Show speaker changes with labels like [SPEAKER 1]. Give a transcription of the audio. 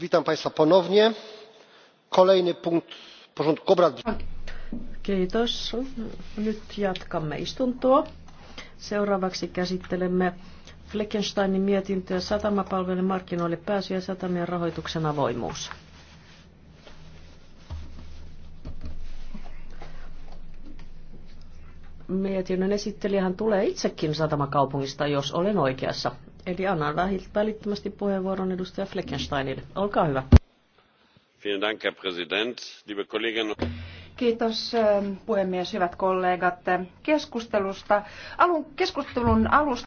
[SPEAKER 1] witam państwa ponownie. kolejny punkt porządku obrad.
[SPEAKER 2] Kiitos. Seuraavaksi käsittelemme Fleckensteinin mietintöä satamapalvelujen markkinoille pääsy ja satamien rahoituksen avoimuus. Mietinnön esittelijähän tulee itsekin satamakaupungista, jos olen oikeassa. Eli annan välittömästi puheenvuoron edustaja
[SPEAKER 3] Fleckensteinille. Olkaa hyvä. Kiitos ähm, puhemies, hyvät kollegat äh, keskustelusta. Alun,
[SPEAKER 4] keskustelun alusta